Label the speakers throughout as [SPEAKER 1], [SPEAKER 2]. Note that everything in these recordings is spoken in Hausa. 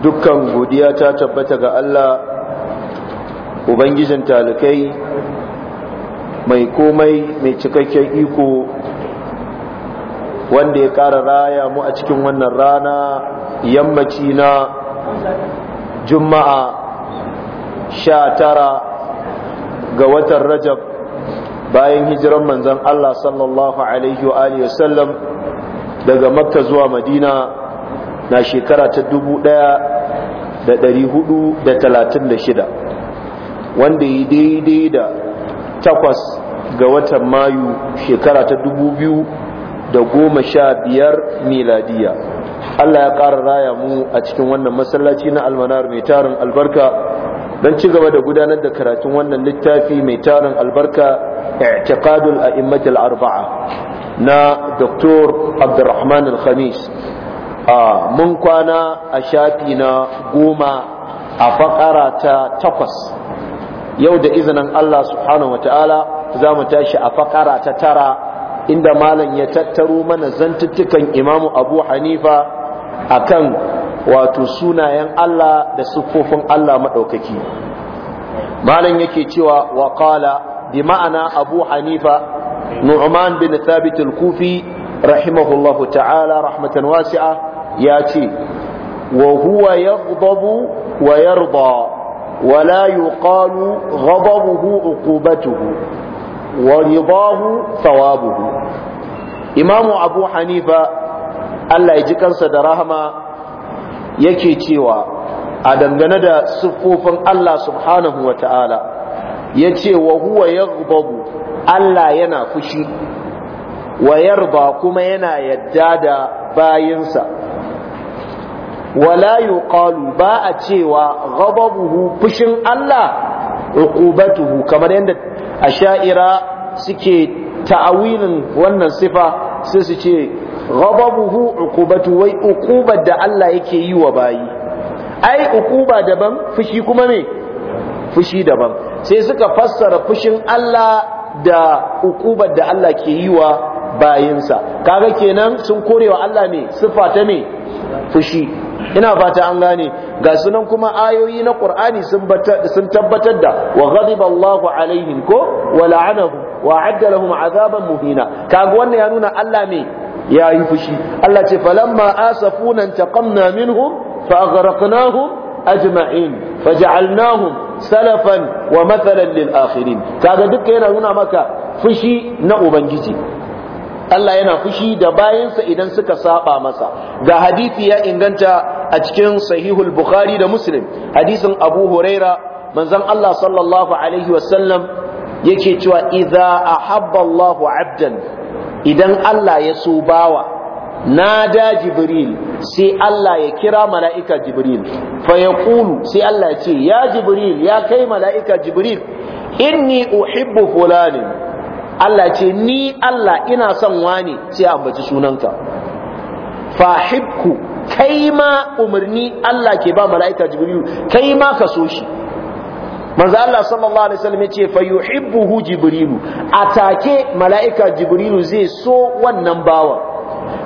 [SPEAKER 1] dukkan godiya ta tabbata ga Allah ubangijin talikai mai komai mai cikakken iko wanda ya ƙara raya mu a cikin wannan rana
[SPEAKER 2] yammaci na
[SPEAKER 1] juma'a sha tara ga watan rajab bayan hijiran manzan Allah sallallahu alaihi wa Alaihi wasallam daga makka zuwa madina na shekara ta dubu ɗaya da ɗari hudu da talatin da shida wanda ya daidai da takwas ga watan mayu shekara ta dubu biyu da goma sha biyar miladiya Allah ya ƙara raya mu a cikin wannan masallaci na almanar mai tarin albarka don ci gaba da gudanar da karatun wannan littafi mai tarin albarka i'tiqadul a'immatul arba'a na Dr. Abdurrahman al-Khamis a mun kwana a shafi na goma a fakara ta takwas yau da izinin Allah subhanahu wataala za mu tashi a fakara ta tara inda malam ya tattaro mana zantuttukan imamu abu hanifa akan wato sunayen Allah da siffofin Allah maɗaukaki malam yake cewa wa qala bi ma'ana abu hanifa نعمان bin ثابت kufi rahimahullahu ta'ala rahmatan wasi'a ya ce wa huwa yaghdabu wa yarba wa la yuqalu ghadabuhu uqubatuhu wa ridahu thawabuhu imamu abu hanifa Allah ya ji kansa da rahama yake cewa a dangane da siffofin Allah subhanahu wa ta'ala ya ce wa huwa ya Allah yana fushi wa yarba kuma yana yadda da bayinsa wala yuqalu ba a cewa ghadabuhu fushin Allah uqubatuhu kamar yadda asha'ira suke ta'awilin wannan sifa sai su ce ghadabuhu uqubatu wai uqubar da Allah yake yi wa bayi ai uquba daban fushi kuma me? fushi daban sai suka fassara fushin Allah da uqubar da Allah ke yi wa bayinsa kaga kenan sun korewa Allah ne sifa ta me fushi ina fata an gane ga sunan kuma ayoyi na qur'ani sun tabbatar da wa ghadiba Allahu alaihim ko wa la'anahu wa adda lahum azaban muhina kaga wannan ya nuna Allah me ya yi fushi Allah ce falamma asafuna taqamna minhum fa aghraqnahum ajma'in faj'alnahum salafan wa mathalan lil akhirin kaga duka yana nuna maka fushi na ubangiji Allah yana fushi da bayansa idan suka saba masa ga hadisi ya inganta a cikin sahihul bukhari da muslim hadisin abu huraira manzon Allah sallallahu alaihi wasallam yake cewa idza ahabba abdan idan Allah ya so bawa nada jibril sai Allah ya kira mala'ika jibril fa yaqulu sai Allah ya ce ya jibril ya kai mala'ika jibril inni uhibbu fulanin Allah ce ni Allah ina son wani sai ambaci sunanka fahibku kai ma umarni Allah ke ba mala'ika jibrilu kai ma ka so shi manzo Allah sallallahu alaihi wasallam yace fa yuhibbuhu jibrilu atake malaika jibrilu zai so wannan bawa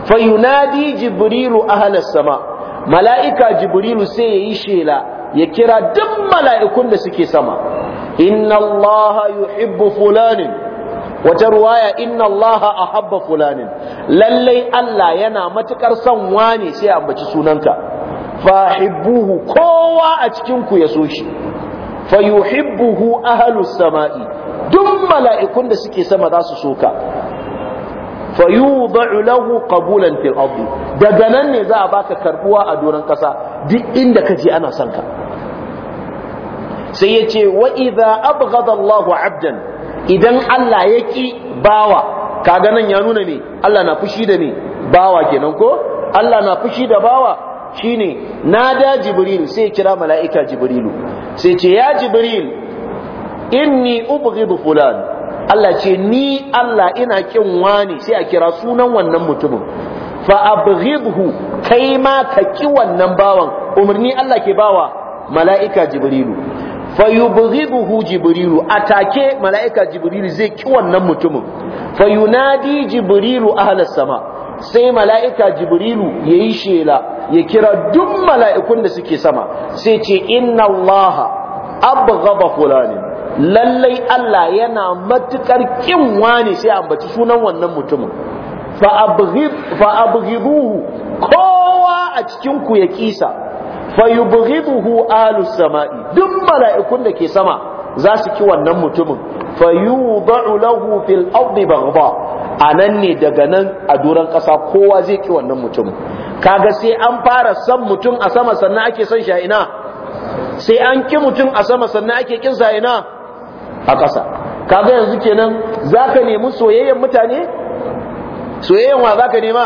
[SPEAKER 1] fa yunadi jibrilu ahla sama malaika jibrilu sai yayi shela ya kira duk mala'ikun da suke sama inna Allah yuhibbu fulanin wata ruwaya inna a habba fulanin lallai Allah yana matukar son wane sai ambaci sunanka fahibbuhu kowa a cikin ku ya so shi fayuhibbuhu ahlus sama'i duk mala'ikun da suke sama za su soka fayudha'u lahu qabulan fil ardi daga nan ne za a baka karbuwa a doron kasa duk inda ka je ana son ka sai yace wa idza abghada Allahu 'abdan idan Allah ya ƙi bawa kaga nan ya nuna ne? Allah na fushi da me bawa kenan ko Allah na fushi da bawa shine da jibril sai kira mala'ika jibrilu sai ce ya jibril inni ubghidu fulan Allah ce ni Allah ina kin wani sai a kira sunan wannan mutumin fa abghidhu kai ma ka ki wannan bawan umarni Allah ke bawa mala'ika jibrilu fa yubghidhu jibrilu atake mala'ika jibrilu zai ki wannan mutumin fayunadi jibrilu ahlas sama sai mala'ika jibrilu yayi shela ya kira duk mala'ikun da suke sama sai ce inna allaha abghaba fulani lallai Allah yana matukar kin wani sai ambaci sunan wannan mutumin fa abghid fa abghibuhu kowa a cikin ku ya kisa fa yubghidhu alus sama'i duk mala'ikun da ke sama za su ki wannan mutumin fa yudau lahu fil ardi baghda anan ne daga nan a duran kasa kowa zai ki wannan mutumin kaga sai an fara san mutum a sama sannan ake son shi a ina sai an ki mutum a sama sannan ake kin sa ina a ƙasa kaga yanzu kenan zaka nemi soyayyen mutane soyayyen wa zaka nema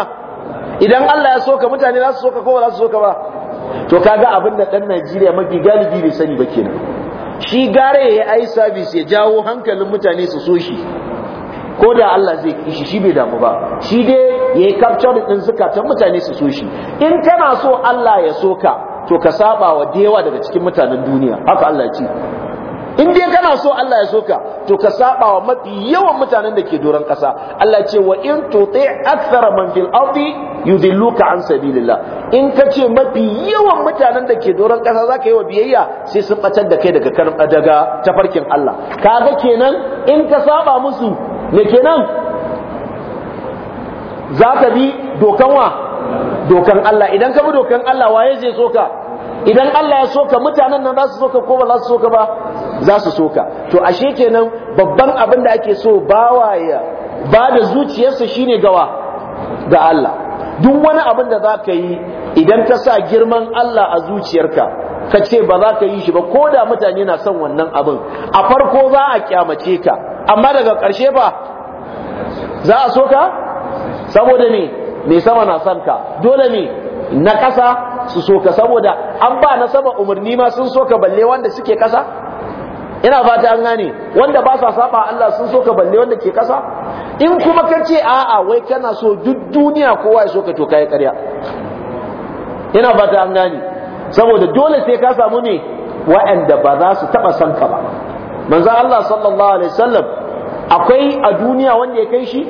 [SPEAKER 1] idan Allah ya soka mutane za su soka ko ba za su soka ba to kaga abin da dan Najeriya mafi galibi bai sani ba kenan shi gare ya yi ai service ya jawo hankalin mutane su so shi ko da Allah zai kishi shi bai damu ba shi dai ya yi capture din ta mutane su so shi in kana so Allah ya so to ka saba wa dewa daga cikin mutanen duniya haka Allah ya ce in dai kana so Allah ya soka to ka saba wa mafi yawan mutanen da ke doron kasa Allah ce wa in tuti akthar man fil ardi yudilluka an sabilillah in ka ce mafi yawan mutanen da ke doron kasa ka yi wa biyayya sai sun batar da kai daga karin daga tafarkin Allah kaga kenan in ka saba musu me kenan ka bi dokan wa dokan Allah idan ka bi dokan Allah waye zai soka idan Allah ya soka mutanen nan za su soka ko ba za su soka ba za su soka to ashe kenan babban abin da ake so bawaya ba da zuciyarsa shine gawa ga Allah duk wani abin da za ka yi idan ka sa girman Allah a zuciyarka ka ce ba za ka yi shi ba ko da mutane na son wannan abin a farko za a kyamace ka amma daga ƙarshe ba za a soka saboda ne mai sama na son ka dole ne na ƙasa su soka saboda an ba na saba umarni ma sun soka balle wanda suke kasa ina fata an gane wanda ba sa saba Allah sun soka balle wanda ke kasa in kuma ka ce a'a wai kana so duk duniya kowa ya soka to kai ƙarya ina fata an gane saboda dole sai ka samu ne wa'anda ba za su taba san ka ba manzo Allah sallallahu alaihi wasallam akwai a duniya wanda ya kai shi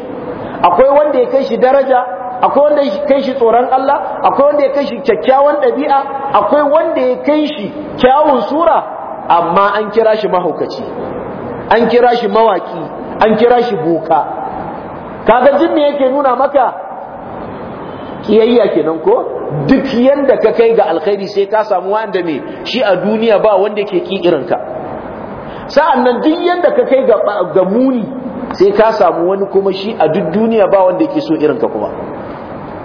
[SPEAKER 1] akwai wanda ya kai shi daraja akwai wanda ya kai shi tsoron Allah akwai wanda ya kai shi kyakkyawan ɗabi'a akwai wanda ya kai shi kyawun sura amma an kira shi mahaukaci an kira shi mawaki an kira shi boka kaga jin me yake nuna maka kiyayya kenan ko duk yanda ka kai ga alkhairi sai ka samu wanda me shi a duniya ba wanda ke ki irin ka sa'an nan duk yanda ka kai ga muni sai ka samu wani kuma shi a duk duniya ba wanda yake so irin ka kuma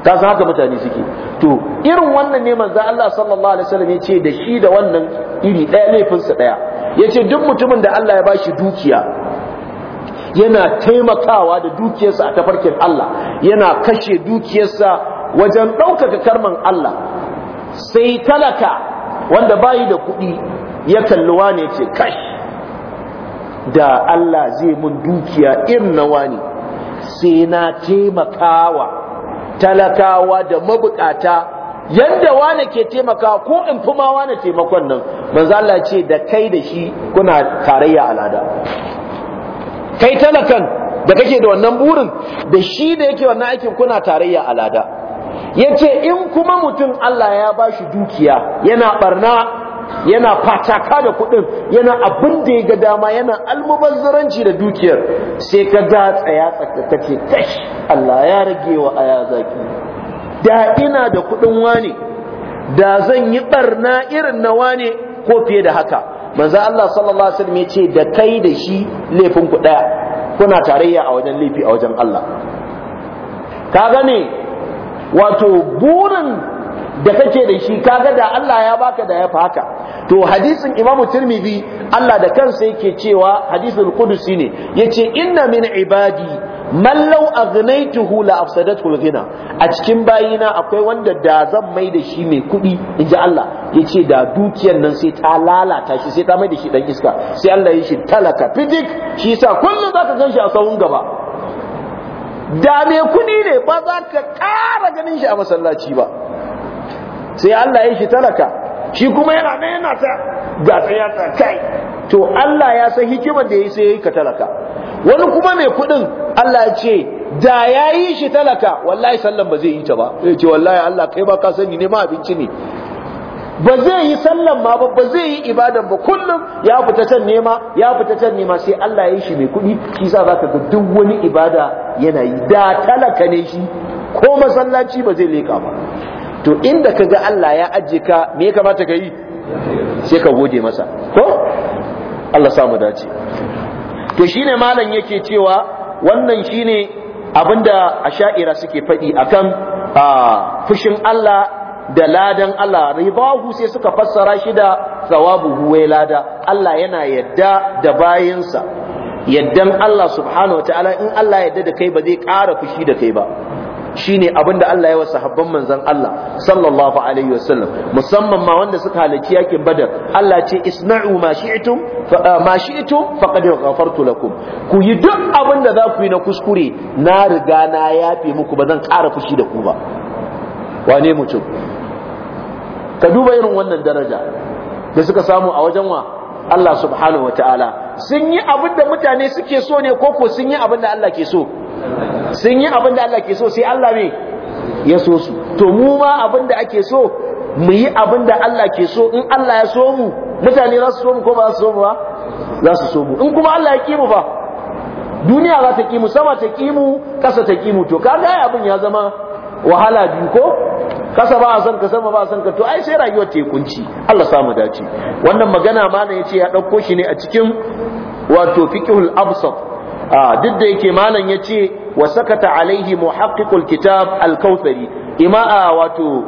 [SPEAKER 1] ka san haka mutane suke to irin wannan ne manzo Allah sallallahu alaihi wasallam ya ce da shi da wannan iri ɗaya laifinsa ɗaya ya ce duk mutumin da Allah ya bashi dukiya yana taimakawa da dukiyarsa a tafarkin Allah yana kashe dukiyarsa wajen ɗaukaka karman Allah sai talaka wanda bayi da kuɗi ya kalli ne ce kash da Allah zai mun dukiya irin na ne sai na taimakawa talakawa da mabukata yanda wane ke taimakawa ko in fi ma wane taimakon nan manzo Allah ce da kai da shi kuna tarayya al'ada kai talakan da kake da wannan burin da shi da yake wannan aikin kuna tarayya al'ada yace in kuma mutum Allah ya bashi dukiya yana barna yana fataka da kuɗin yana abin da ya ga dama yana almubazzaranci da dukiyar sai ka ga tsaya tsaka ce Allah ya rage wa aya zaki da ina da kuɗin wane da zan yi barna irin na wane ko fiye da haka manzo Allah sallallahu alaihi wasallam ya ce da kai da shi laifin ku daya kuna tarayya a wajen laifi a wajen Allah ka gane wato burin da kake da shi kaga da Allah ya baka da ya faka. to hadisin Imam Tirmidhi Allah da kansa yake cewa hadisul Qudsi ne yace inna min ibadi man law aghnaytuhu la afsadatu ghina a cikin bayina akwai wanda da zan mai da shi mai kuɗi inji Allah yace da dukiyar nan sai ta lalata shi sai ta mai da shi dan iska sai Allah ya shi talaka fitik shi sa kullum zaka gan shi a sahun gaba da mai kuɗi ne ba za ka ƙara ganin shi a masallaci ba sai Allah ya shi talaka shi kuma yana nan yana ta ga ta kai to Allah ya san hikimar da yayi sai yayi ka talaka wani kuma mai kuɗin Allah ya ce da yayi shi talaka wallahi sallan ba zai yi ta ba zai ce wallahi Allah kai ba ka sani ne ma abinci ne ba zai yi sallan ma ba ba zai yi ibadan ba kullum ya fita can nema ya fita can nema sai Allah ya yi shi mai kuɗi shi sa zaka ga duk wani ibada yana yi da talaka ne shi ko masallaci ba zai leka ba to inda ka ga Allah ya ajiye ka me ya kamata ka yi sai ka gode masa ko Allah samu dace to shine malam yake cewa wannan shine abinda asha'ira suke faɗi akan fushin Allah da ladan Allah ribahu sai suka fassara shi da thawabuhu huwa lada Allah yana yadda da bayinsa yaddan Allah subhanahu wataala in Allah yadda da kai ba zai ƙara fushi da kai ba shine abin da Allah ya wa sahabban manzon Allah sallallahu alaihi wasallam musamman ma wanda suka halarci yakin Badar Allah ce isna'u ma shi'tum ah, ma shi'tum faqad ghafartu lakum ku yi duk abin da za ku yi na kuskure na riga na yafe muku ba zan ƙara fushi da ku ba wane mutum ka duba irin wannan daraja da suka samu a wajen wa Allah subhanahu ta'ala. sun yi abin da mutane suke so ne ko ko sun yi abin da Allah ke so sun yi abin da Allah ke so sai Allah me ya so su to mu ma abin da ake so mu yi abin da Allah ke so in Allah ya so mu mutane za su so mu ko ba za su so mu ba za su so mu in kuma Allah ya ki mu ba duniya za ta ki mu sama ta ki mu ƙasa ta ki mu to kaga abin ya zama wahala biyu ko kasa ba a san ka sama ba a san ka to ai sai rayuwar ta kunci Allah samu dace wannan magana malam yace ya dauko shi ne a cikin wato fiqhul absat a duk da yake malam yace wa sakata alaihi muhaqqiqul kitab al-kautsari ima wato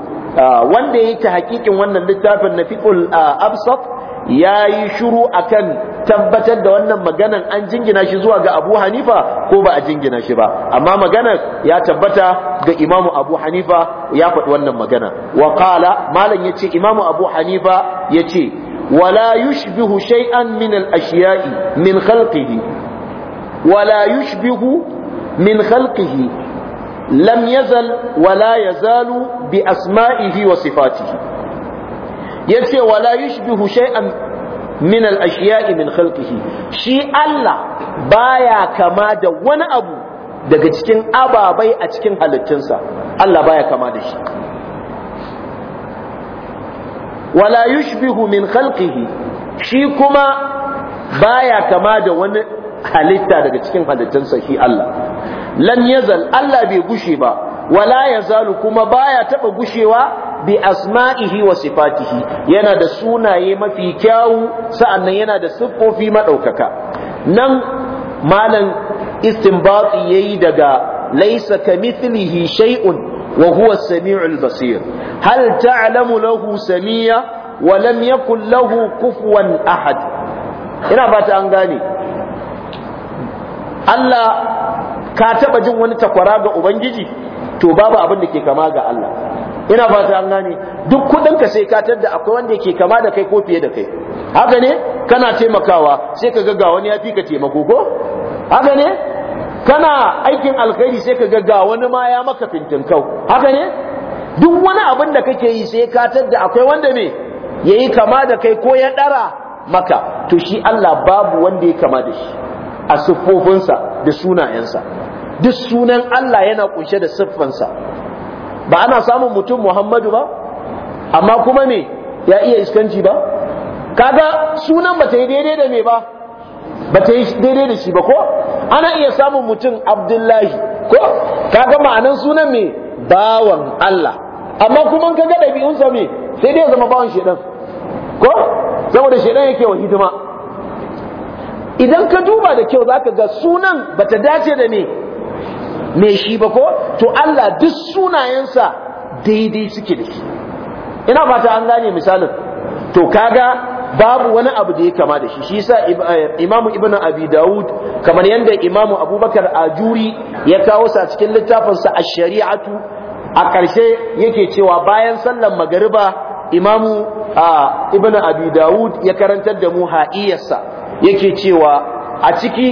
[SPEAKER 1] wanda yake hakikin wannan littafin na fiqhul absat yayi shuru akan tabbatar da wannan maganan an jingina shi zuwa ga Abu Hanifa ko ba a jingina shi ba amma maganar ya tabbata ga Imam Abu Hanifa ya faɗi wannan magana wa qala malam yace Imam Abu Hanifa yace wala yushbihu shay'an min al-ashiya'i min khalqihi wala yushbihu min khalqihi lam yazal wala yazalu bi asma'ihi wa sifatihi yace wala yushbihu shay'an min al-ashiya'i min khalqihi shi Allah baya kama da wani abu daga cikin ababai a cikin halittunsa Allah baya kama da shi wala yushbihu min khalqihi shi kuma baya kama da wani halitta daga cikin halittunsa shi Allah lam yazal Allah bai gushe ba wala yazalu kuma baya taba gushewa bi asma'ihi wa sifatihi yana da sunaye mafi kyawu sa'annan yana da siffofi madaukaka nan malam istinbati yayi daga laysa kamithlihi shay'un wa huwa as-sami'ul basir hal ta'lamu lahu samia wa lam yakul lahu kufuwan ahad ina fata an gane Allah ka taba jin wani takwara ga ubangiji to babu abin da ke kama ga Allah ina fata an gane duk kudin ka sai ka da akwai wanda ke kama da kai ko fiye da kai haka ne kana taimakawa sai ka ga wani ya fi ka taimako ko haka ne kana aikin alkhairi sai ka ga wani ma ya maka kau, haka ne duk wani abin da kake yi sai ka da akwai wanda me yayi kama da kai ko ya dara maka to shi Allah babu wanda ya kama da shi a siffofinsa da sunayensa duk sunan Allah yana kunshe da siffansa ba ana samun mutum Muhammadu ba amma kuma me ya iya iskanci ba kaga sunan ba ta yi daidai da me ba ba ta yi daidai da shi ba ko ana iya samun mutum Abdullahi ko kaga ma'anan sunan me bawan Allah amma kuma ka kaga ɗabi'unsa me sai dai zama bawan shedan ko saboda shedan yake wa hidima idan ka duba da kyau zaka ga sunan bata dace da me. mai shi ba ko to Allah duk sunayensa daidai suke da shi ina fata an gane misalin to kaga babu wani abu da ya kama da shi shi sa eh, imamu ibn abi daud kamar yadda imamu abubakar ajuri ya kawo sa cikin littafinsa a shari'atu a ƙarshe yake cewa bayan sallan magariba imamu ah, ibn abi daud ya karantar da mu ha'iyarsa yake cewa a ciki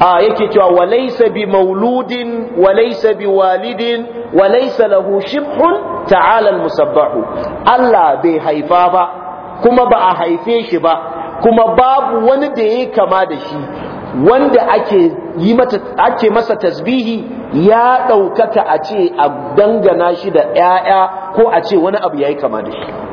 [SPEAKER 1] a yake cewa walaysa bi mauludin walaysa bi walidin walaysa lahu shibhun ta'ala al-musabbahu Allah bai haifa ba kuma ba a haife shi ba kuma babu wani da ya kama da shi wanda ake yi mata ake masa tasbihi ya ɗaukaka a ce a dangana shi da ‘ya'ya ko a ce wani abu ya yi kama da shi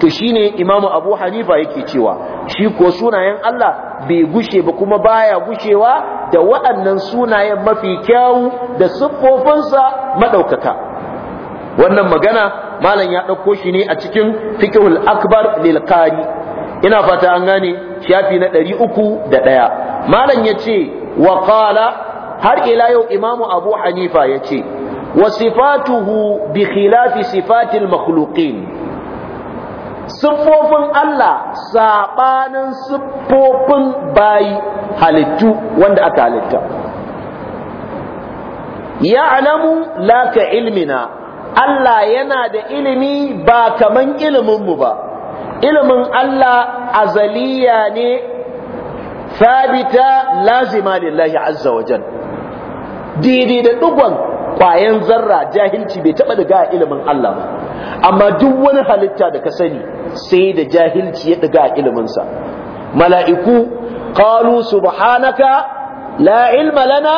[SPEAKER 1] to shine imamu abu hanifa yake cewa shi ko sunayen Allah bai gushe ba kuma baya gushewa da waɗannan sunayen mafi kyawu da siffofinsa maɗaukaka wannan magana malam ya ɗauko shi ne a cikin fiqhul akbar lil qari ina fata an gane shafi na ɗari uku da ɗaya malam ya ce wa qala har ila yau imamu abu hanifa ya ce wa sifatuhu bi khilafi sifatil makhluqin siffofin Allah saɓanin siffofin bayi halittu wanda aka halitta Ya alamu laka ilmina Allah yana da ilimi ba kaman iliminmu ba ilimin Allah azaliya ne sabita lazima lillahi azza wajen didi da dugon kwayan zarra jahilci bai taɓa daga ilimin Allah ba amma duk wani halitta da ka sani sai da jahilci ya ɗiga a iliminsa mala'iku qalu subhanaka la ilma lana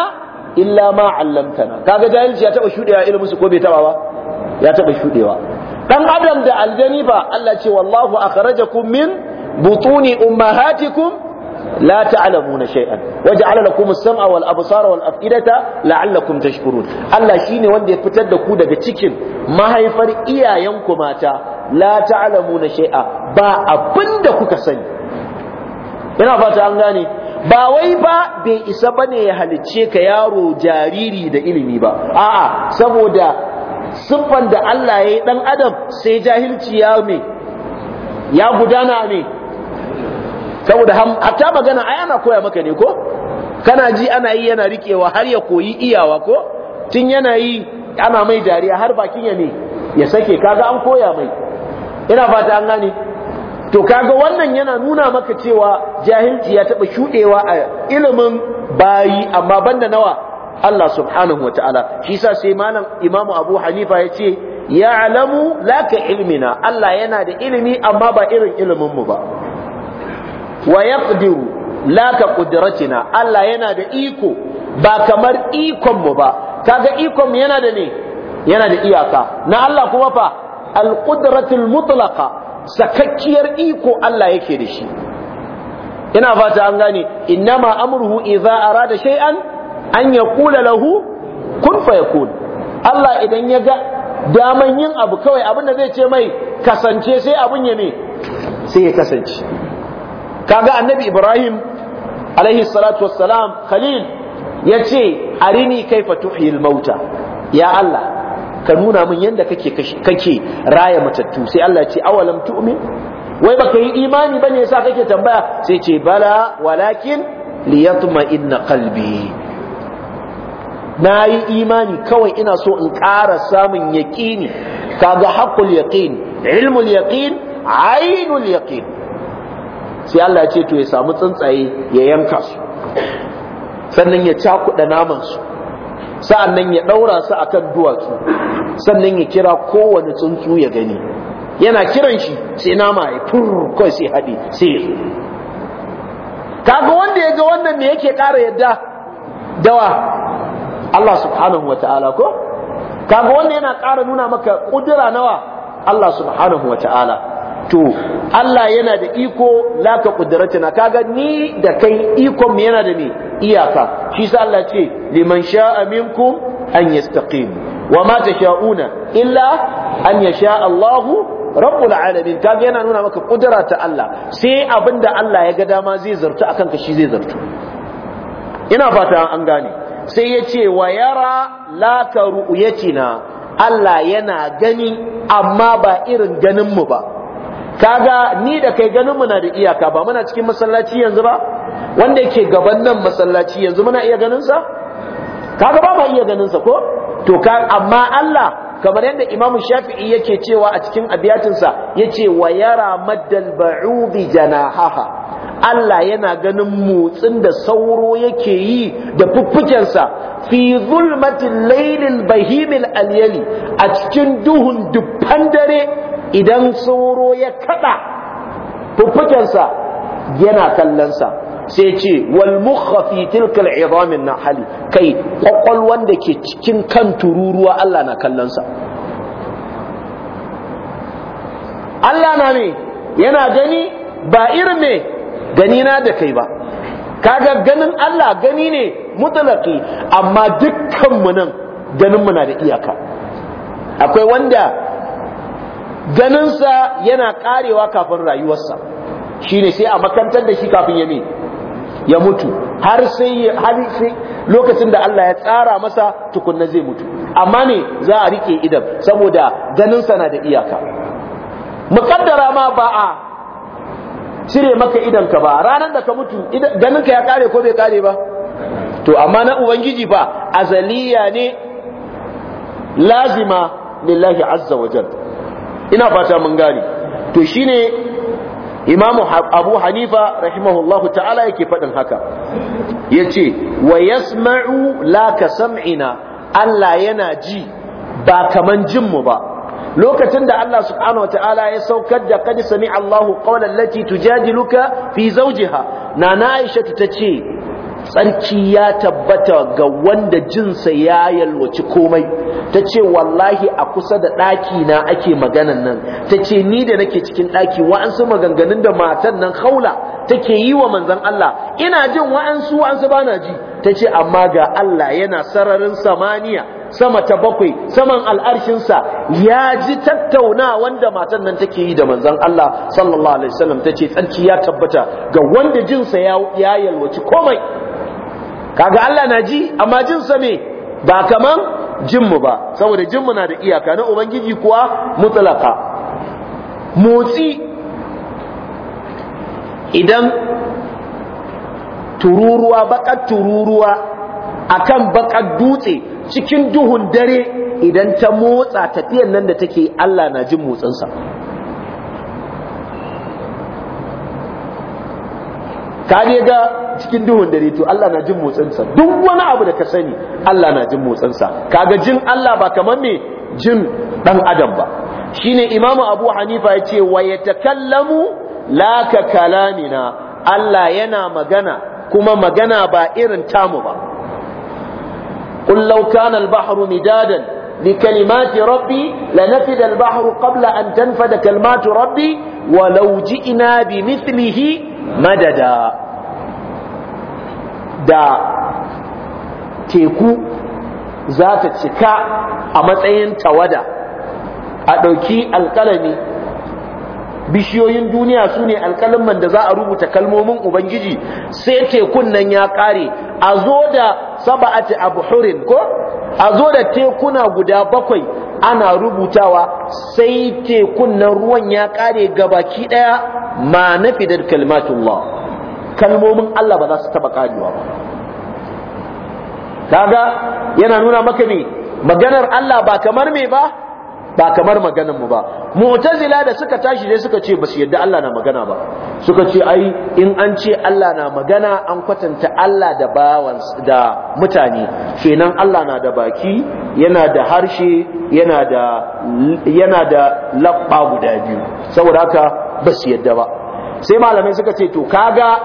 [SPEAKER 1] illa ma 'allamtana kaga jahilci ya taba shuɗewa ilimin su ko bai taɓa ba ya taɓa shuɗewa. dan adam da aljani ba Allah ce wallahu akhrajakum min butuni ummahatikum la ta'lamuna shay'an waja'ala lakum as-sam'a wal absara wal af'idata la'allakum tashkurun Allah shine wanda ya fitar da ku daga cikin mahaifar iyayenku mata la na shay'a ba abinda kuka sani ina fata an gane ba wai ba bai isa bane ya halicce ka yaro jariri da ilimi ba a'a saboda siffan da Allah ya yi dan adam sai jahilci ya me ya gudana ne saboda hatta magana ai ana koya maka ne ko kana ji ana yi yana rikewa har ya koyi iyawa ko tun yana yi ana mai dariya har bakin ya ne ya sake kaga an koya mai ina fata an gani to kaga wannan yana nuna maka cewa jahilci ya taba shudewa a ilimin bayi amma banda nawa Allah subhanahu wa ta'ala shi sa sai malam imamu abu hanifa ya ce ya ya'lamu laka ilmina Allah yana da ilimi amma ba irin ilimin mu ba wa yaqdiru laka qudratina Allah yana da iko ba kamar ikon mu ba kaga ikon mu yana da ne yana da iyaka na Allah kuma fa alƙudratul mutlaka sakakkiyar iko Allah yake da shi ina fata an gane innama amruhu a arada shay'an an kula lahu kun fayakun Allah idan ya ga daman yin abu kawai abin da zai ce mai kasance sai abin ya me sai ya kasance kaga annabi Ibrahim alaihi salatu wassalam khalil yace arini kaifa tuhyi al-mauta ya Allah ka nuna min yadda kake kake raya matattu sai Allah ya ce awalam tu'min wai baka yi imani bane yasa kake tambaya sai ce bala walakin liyatma inna qalbi na yi imani kawai ina so in ƙara samun yaƙini kaga haƙƙul yaƙin ilmul yaƙin ainul yaƙin sai Allah ya ce to ya samu tsuntsaye ya yanka su sannan ya cakuɗa naman su sa'an nan ya ɗaura su a kan duwatsu sannan ya kira kowane tsuntsu ya gani yana kiran shi sai nama ya fur kawai sai haɗe sai ya kaga wanda ya ga wannan me yake ƙara yadda dawa Allah subhanahu wa Ta'ala, ko kaga wanda yana ƙara nuna maka ƙudura nawa Allah subhanahu wa Ta'ala. to Allah yana da iko laka na kaga ni da kai ikon mu yana da ni iyaka shi sa Allah ce liman sha'a minkum an yastaqim wa ma tasha'una illa an yasha Allahu rabbul alamin kaga yana nuna maka kudura ta Allah sai abinda Allah ya ga dama zai zartu akan ka shi zai zartu ina fata an gane sai ya ce wa yara la ka ru'yatina Allah yana gani amma ba irin ganin mu ba kaga ni da kai ganin muna da iyaka ba muna cikin masallaci yanzu ba wanda yake gaban nan masallaci yanzu muna iya ganin sa kaga ba ma iya ganin sa ko to ka amma Allah kamar yadda Imam Shafi'i yake cewa a cikin abiyatinsa yace wa yara maddal ba'udi janahaha Allah yana ganin motsin da sauro yake yi da fuffukensa fi zulmatil lailil bahimil alyali a cikin duhun dukkan dare idan sauro ya kaɗa, fuffukensa yana kallonsa sai ce wal mukha izamin na hali, kai kwakwalwan wanda ke cikin kan tururuwa Allah na kallonsa Allah na ne yana gani ba irin me gani na da kai ba kaga ganin Allah gani ne mutalaki amma dukkanmu nan ganinmu na da iyaka akwai wanda ganinsa yana karewa kafin rayuwarsa shine sai a makantar da shi kafin ya ya mutu har sai har sai lokacin da Allah ya tsara masa tukunna zai mutu amma ne za a rike idan saboda ganinsa na da iyaka mukaddara ma ba a cire maka idanka ba ranar da ka mutu ganinka ya kare ko bai kare ba to amma na ubangiji ba azaliya ne lazima lillahi azza wajalla ina fata mun gane to shine imamu abu hanifa rahimahullahu ta'ala yake faɗin haka yace wa yasma'u laka sam'ina Allah yana ji ba kaman jin ba lokacin da Allah subhanahu wa ta'ala ya saukar da qad sami Allahu qawlan lati tujadiluka fi zawjiha nana Aisha tace tsarki ya tabbata ga wanda jinsa ya yalwaci komai ta ce wallahi a kusa da ɗaki na ake maganan nan ta ce ni da nake cikin ɗaki wa'ansu maganganun da matan nan haula take yi wa manzan Allah ina jin wa'ansu wa'ansu bana ji ta ce amma ga Allah yana sararin samaniya sama ta bakwai saman al'arshinsa ya ji tattauna wanda matan nan take yi da manzan Allah sallallahu alaihi wasallam ta ce tsarki ya tabbata ga wanda jinsa ya yalwaci komai kaga Allah na ji amma jin sa me ba kaman jin mu ba saboda jin mu na da iyaka na ubangiji kuwa mutlaka motsi idan tururuwa bakar tururuwa akan bakar dutse cikin duhun dare idan ta motsa tafiyan nan da take Allah na jin motsinsa ka je ga cikin duhun dare to Allah na jin motsin sa duk wani abu da ka sani Allah na jin motsin sa kaga jin Allah ba kamar me jin dan adam ba shine imamu Abu Hanifa ya ce wa yatakallamu la ka kalamina Allah yana magana kuma magana ba irin tamu ba qul law kana al-bahru midadan li kalimati rabbi lanafida al-bahru kabla an tanfada kalimatu rabbi walau ina bi madada da teku za ta cika a matsayin tawada a ɗauki alƙalami bishiyoyin duniya su ne alƙalaman da za a rubuta kalmomin ubangiji sai tekun nan ya ƙare a zo da saba'ati abhurin ko a zo da tekuna guda bakwai ana rubutawa sai tekun nan ruwan ya ƙare gabaki ɗaya ma nafidat kalimatullah kalmomin Allah ba za su taba karewa ba kaga yana nuna maka ne maganar Allah ba kamar me ba ba kamar maganar mu ba mu'tazila da suka tashi dai suka ce ba su yadda Allah na magana ba suka ce ai in an ce Allah na magana an kwatanta Allah da bawan da mutane kenan Allah na da baki yana da harshe yana da yana da labba guda biyu saboda haka ba su yadda ba sai malamai suka ce to kaga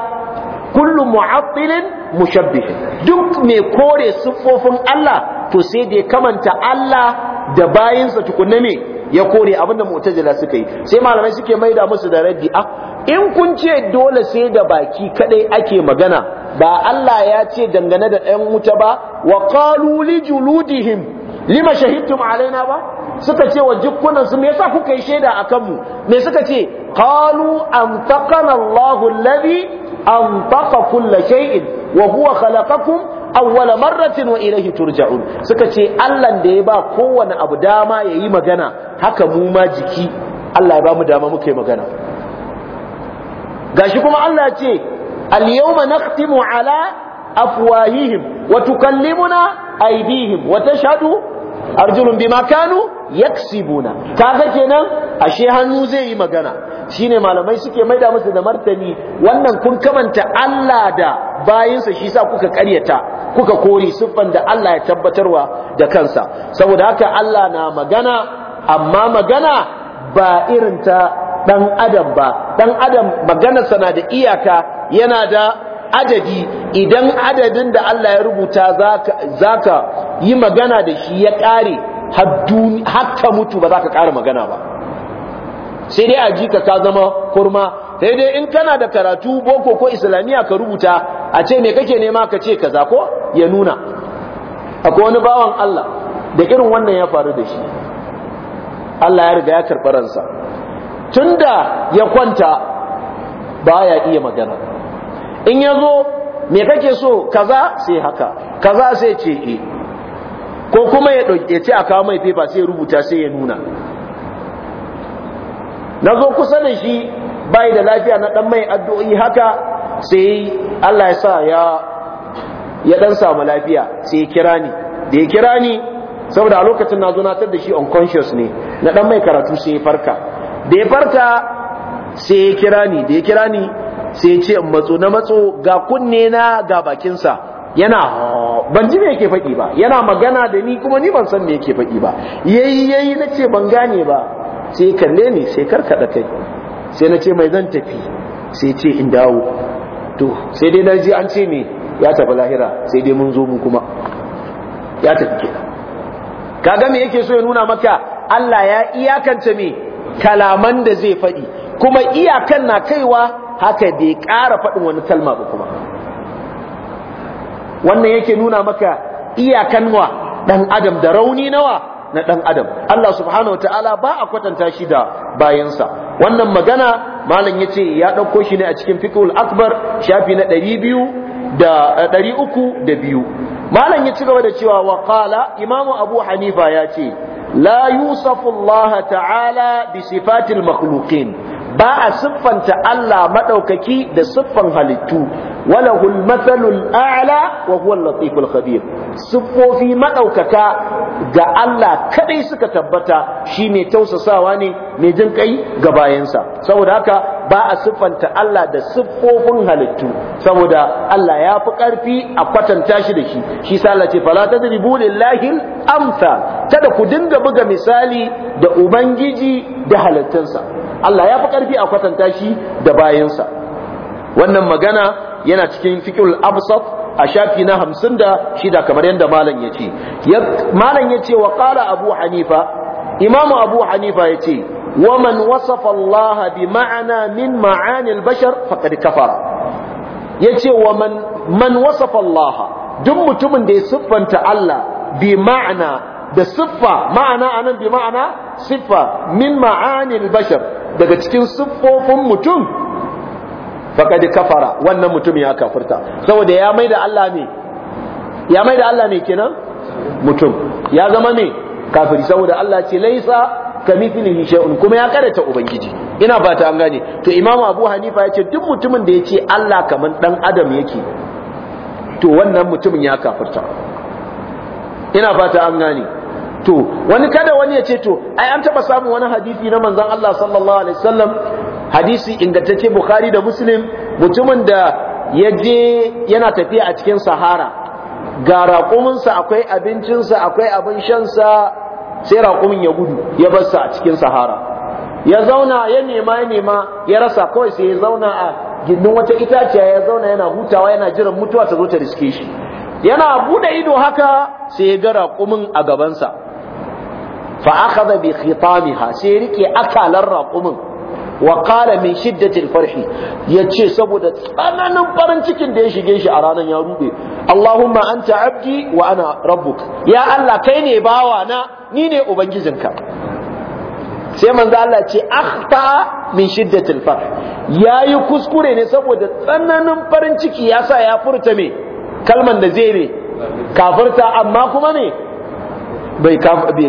[SPEAKER 1] kullu mu'attilin mushabbih duk me kore siffofin Allah to sai da ya kamanta Allah da bayinsa tukunna me ya kore abinda mu'tazila suka yi sai malamai suke maida musu da raddi a ah, in kun ce dole sai da baki kadai ake magana ba Allah ya ce dangane da ɗan wuta ba wa qalu li juludihim lima shahidtum alaina ba suka ce wa jikunan su me yasa kuka yi shaida a mu me suka ce qalu antaqana Allahu alladhi antaqa kull shay'in wa huwa khalaqakum awwala marratin wa ilayhi turja'un suka ce Allah da ya ba kowane abu dama yayi magana haka mu ma jiki Allah ya ba mu dama muka magana gashi kuma Allah ya ce al-yawma nakhtimu ala afwahihim wa tukallimuna aydihim wa tashhadu arjulun bima kanu yaksibuna kaga kenan ashe hannu zai yi magana shine malamai suke maida musu da martani wannan kun kamanta Allah da bayinsa shi sa kuka karyata kuka kore siffan da Allah ya tabbatarwa da kansa saboda haka Allah na magana amma magana ba irin ta dan adam ba dan adam maganarsa na da iyaka yana da adadi idan adadin da Allah ya rubuta zaka zaka yi magana da shi ya kare hatta mutu ba za ka ƙara magana ba sai dai a ka ka zama kurma sai dai in kana da karatu boko ko islamiyya ka rubuta a ce me kake nema ka ce kaza ko ya nuna akwai wani bawan Allah da irin wannan ya faru da shi Allah ya riga ya karɓi ransa tunda ya kwanta ba ya iya magana in ya zo me kake so kaza sai haka kaza sai ce eh ko kuma ya ce a kawo mai fefa sai ya rubuta sai ya nuna na zo kusa da shi bai da lafiya na dan mai addu'o'i haka sai Allah ya sa ya ya dan samu lafiya sai ya kira ni da ya kira ni saboda a lokacin na zo na tar da shi unconscious ne na dan mai karatu sai ya farka da ya farka sai ya kira ni da ya kira ni sai ya ce in matso na matso ga kunne na ga bakinsa yana ban ji me yake faɗi ba yana magana da ni kuma ni ban san me yake faɗi ba yayi yayi nace ban gane ba sai kalle ni sai karkada kai sai na ce mai zan tafi sai ce in dawo to sai dai na an ce ne ya tafi lahira sai dai mun zo mu kuma ya tafi kenan kaga me yake so ya nuna maka Allah ya iyakance me kalaman da zai faɗi kuma iyakan na kaiwa haka bai ƙara faɗin wani kalma ba kuma wannan yake nuna maka iyakan wa dan adam da rauni nawa na dan adam Allah subhanahu wataala ba a kwatanta shi da bayansa wannan magana malam yace ya dauko shi ne a cikin fiqhul akbar shafi na 200 da 302 eh, malam ya ci gaba da cewa wa qala imamu abu hanifa ya ce la yusafu Allah ta'ala bi sifatil makhluqin ba a siffanta Allah maɗaukaki da siffan halittu walahul a'la wa huwa latiful khabir siffofi maɗaukaka ga Allah kadai suka tabbata shine tausasawa ne mai jin kai ga bayansa saboda haka ba a siffanta Allah da siffofin halittu saboda Allah ya fi ƙarfi a kwatanta shi da shi shi sa Allah ce fala dribu lillahi amsa kada ku dinga buga misali da ubangiji da halittunsa Allah ya fi ƙarfi a kwatanta shi da bayansa wannan magana yana cikin fiqhul absaf a shafi na hamsin da shida kamar yadda malam ya ce malam ya ce wa ƙara abu hanifa imamu abu hanifa ya ce ومن وصف الله بمعنى من معاني البشر فقد كفر yace wa man man wasafa Allah duk mutumin da ya siffanta Allah bi ma'ana da siffa ma'ana anan bi ma'ana siffa min ma'anil bashar daga cikin siffofin mutum faqad kafara wannan mutum ya kafirta saboda ya maida Allah ne ya maida Allah ne kenan mutum ya zama ne kafiri saboda Allah ce laisa ni shay'un kuma ya karanta ubangiji ina ta an gane to imamu abu hanifa yace duk mutumin da yace Allah kaman dan adam yake to wannan mutumin ya kafirta ina ta an gane to wani kada wani ya ce to ai an taba samun wani hadisi na manzon Allah sallallahu alaihi wasallam hadisi ingantacce bukhari da muslim mutumin da ya je yana tafiya a cikin sahara ga raƙuminsa akwai abincinsa akwai abin shansa sai raƙumin ya gudu ya bar a cikin sahara ya zauna ya nema ya nema ya rasa kawai sai ya zauna a gindin wata itaciya ya zauna yana hutawa yana jiran mutuwa ta zo ta riske shi yana bude ido haka sai ya ga raƙumin a gabansa fa akhadha bi khitamiha sai ya rike akalar raƙumin wa qala min shiddatil farhi yace saboda tsananin farin cikin da ya shige shi a ranar ya rube Allahumma anta abdi wa ana rabbuk ya Allah kai ne bawa na ni ne ubangijinka sai manzo Allah ce akhta min shiddatil farh yayi kuskure ne saboda tsananin farin ciki yasa ya furta me kalman da zai ne kafirta amma kuma ne bai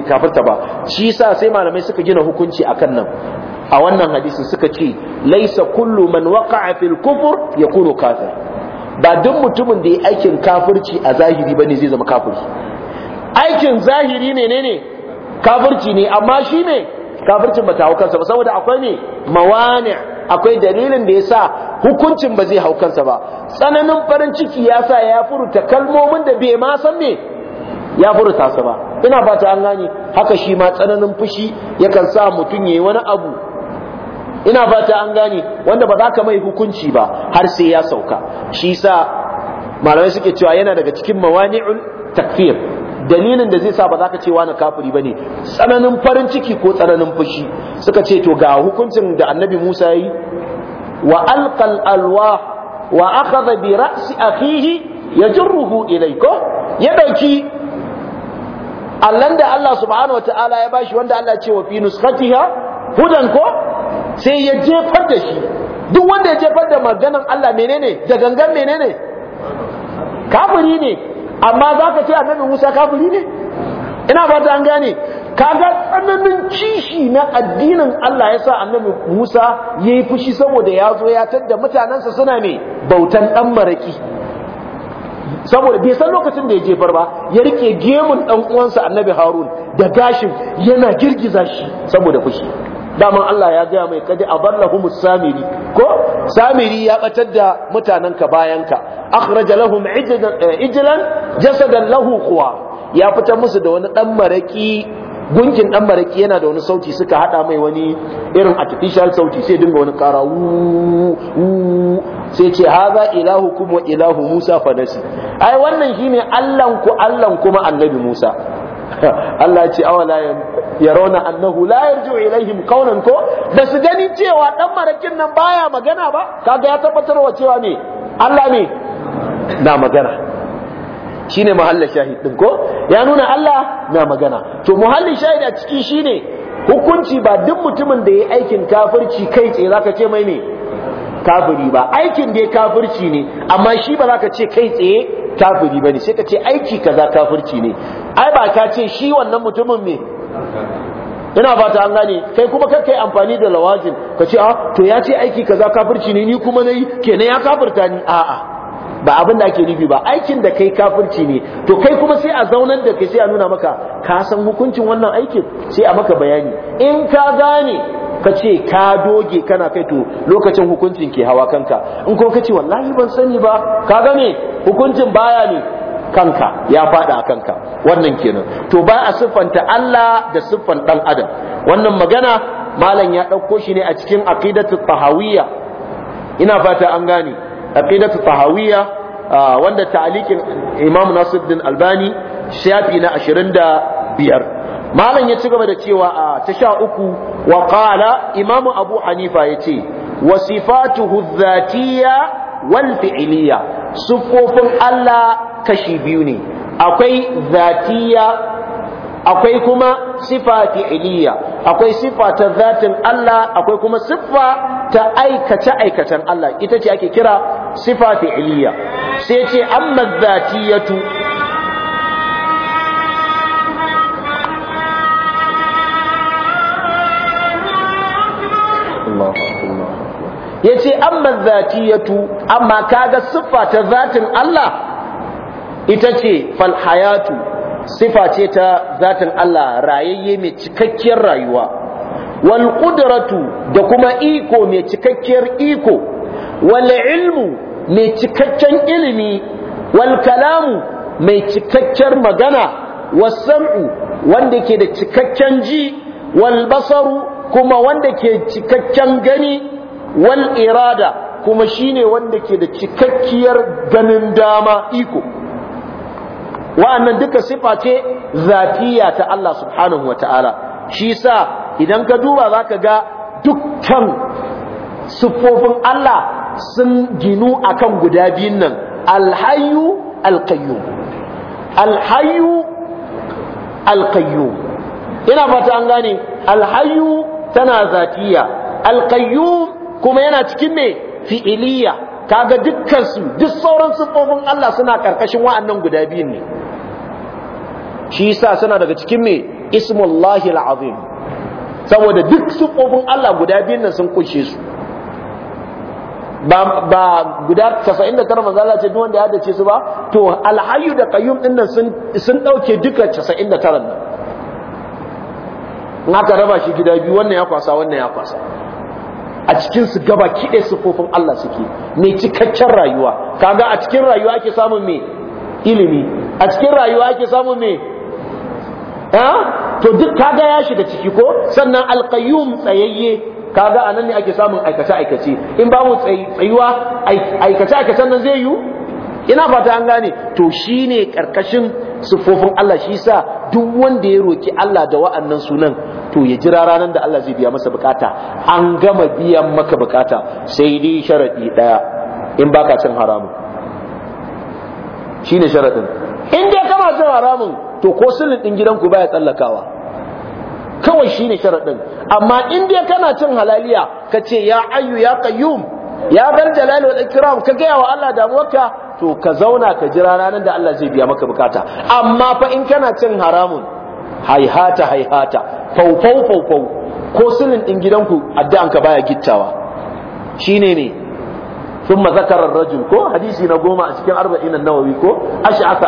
[SPEAKER 1] kafirta ba shi sa sai malamai suka gina hukunci akan nan a wannan hadisin suka ce laisa kullu man waqa'a fil kufur yakunu kafir ba duk mutumin da ya aikin kafirci a zahiri bane zai zama kafiri aikin zahiri ne ne ne kafirci ne amma shi ne kafircin ba ta hau kansa ba saboda akwai ne mawani akwai dalilin da yasa hukuncin ba zai hau kansa ba tsananin farin ciki yasa ya furta kalmomin da bai ma san me ya furta sa ba ina fata an gane haka shi ma tsananin fushi yakan sa mutum yayi wani abu ina fata an gane wanda ba za ka mai hukunci ba har sai ya sauka shi sa malamai suke cewa yana daga cikin mawani'ul takfir dalilin da zai sa ba za ka ce wani kafiri ba ne tsananin farin ciki ko tsananin fushi suka ce to ga hukuncin da annabi musa yi wa alƙal alwa wa akhadha bi ra'si ruhu ilai ko ya dauki allan da Allah subhanahu Ta'ala ya bashi wanda Allah ce wa fi nuskatiha hudan ko sai ya jefar da shi duk wanda ya jefar da maganan Allah menene da gangan menene kafiri ne amma za ka ce annabi Musa kafiri ne ina ba an gane kaga tsananin kishi na addinin Allah ya sa annabi Musa ya yi fushi saboda ya zo ya tadda mutanensa suna ne bautan ɗan maraki saboda bai san lokacin da ya jefar ba ya rike gemun ɗan uwansa annabi Harun da gashin yana girgiza shi saboda fushi daman Allah ya gaya mai kadi a bar Lahumu samiri ko samiri ya batar da mutanen ka bayan ka akhraja lahum eh, ijlan jasadan lahu quwa ya fitar musu da wani dan maraki gunkin dan maraki yana da wani sauti suka haɗa mai wani irin artificial sauti sai dinga wani kara sai ce haza ilahu wa ilahu musa fa nasi ai wannan shine allan ku allan kuma annabi musa Allah ce awala rauna annahu la yarju ilaihim qawlan ko da su gani cewa dan marakin nan baya magana ba kaga ya tabbatarwa cewa ne Allah ne na magana shine muhallin shahid din ko ya nuna Allah na magana to muhallin shahid a ciki shine hukunci ba duk mutumin da ya aikin kafirci kai tsaye zaka ce mai ne kafiri ba aikin da dai kafirci ne amma shi ba za ka ce kai tsaye kafiri ba ne sai ka ce aiki kaza kafirci ne ai ba ka ce shi wannan mutumin ne? ina fata an gane kai kuma kar kai amfani da lawazin ka ce ah to ya ce aiki kaza kafirci ne ni kuma nayi kenan ya kafirta ni a'a ba abin da ake nufi ba aikin da kai kafirci ne to kai kuma sai a zaunar da kai sai a nuna maka ka san hukuncin wannan aikin sai a maka bayani in ka gane ka ce ka doge kana kai to lokacin hukuncin ke hawa kanka in kuma ka ce wallahi ban sani ba ka gane hukuncin baya ne kanka ya fada a kanka wannan kenan to ba a siffanta Allah da siffan dan adam wannan magana malam ya ɗauko shi ne a cikin aqidatu tahawiyya ina fata an gane aqidatu tahawiyya wanda ta'alikin Imam Nasiruddin Albani shafi na 25 malam ya ci gaba da cewa a tasha uku wa qala imamu abu hanifa yace wa sifatuhu dhatiyya wal sufofin Allah kashi biyu ne akwai zatiya akwai kuma sifa akwai sifa ta zatin Allah akwai kuma sifa ta aikace aikacen Allah ita ce ake kira sifa sai ce amma zatiyatu yace amma zatiyatu amma kaga siffa ta zatin Allah ita ce Falhayatu, hayatu siffa ce ta zatin Allah rayayye mai cikakkiyar rayuwa wal qudratu da kuma iko mai cikakkiyar iko wal ilmu mai cikakken ilimi wal kalamu mai cikakken magana was wanda ke da cikakken ji wal basaru kuma wanda ke cikakken gani wal irada kuma shine wanda ke da cikakkiyar ganin dama iko wa'annan duka sifa ce zatiya ta Allah subhanahu wata'ala shi sa idan ka duba za ka ga dukkan siffofin Allah sun ginu akan guda biyun nan alhayu alkayyum alhayu alkayyum ina fata an gane alhayu tana zatiya alkayyum kuma yana cikin me fi'iliya kaga dukkan su duk sauran siffofin Allah suna karkashin wa'annan guda biyun ne shi yasa suna daga cikin me ismullahi alazim saboda duk siffofin Allah guda biyun nan sun kunshe su ba ba guda 99 manzo Allah ce duk wanda ya dace su ba to alhayyu da qayyum din nan sun sun dauke duka 99 nan na aka raba shi gida biyu wannan ya kwasa wannan ya kwasa a cikin su gaba kiɗe siffofin Allah suke mai cikakken rayuwa kaga a cikin rayuwa ake samun me ilimi a cikin rayuwa ake samun me to duk kaga ya shiga ciki ko sannan alqayyum tsayayye kaga anan ne ake samun aikace aikace in ba mu tsayuwa aikace aikacen nan zai yi ina fata an gane to shine karkashin siffofin Allah shi sa duk wanda ya roki Allah da wa'annan sunan to ya jira ranar da Allah zai biya masa bukata an gama biyan maka bukata sai dai sharadi daya in baka cin haramun shine sharadin in dai kana cin haramun to ko sulun din gidanku baya tsallakawa kawai shine sharadin amma in dai kana cin halaliya ka ce ya ayyu ya qayyum ya bar jalal wal ikram ka ga wa Allah damuwarka to ka zauna ka jira ranar da Allah zai biya maka bukata amma fa in kana cin haramun haihata haihata faufau faufau ko sirrin din gidanku addu'an ka baya gittawa shine ne thumma zakara ar-rajul ko hadisi na goma a cikin arba'in an-nawawi ko ash'aka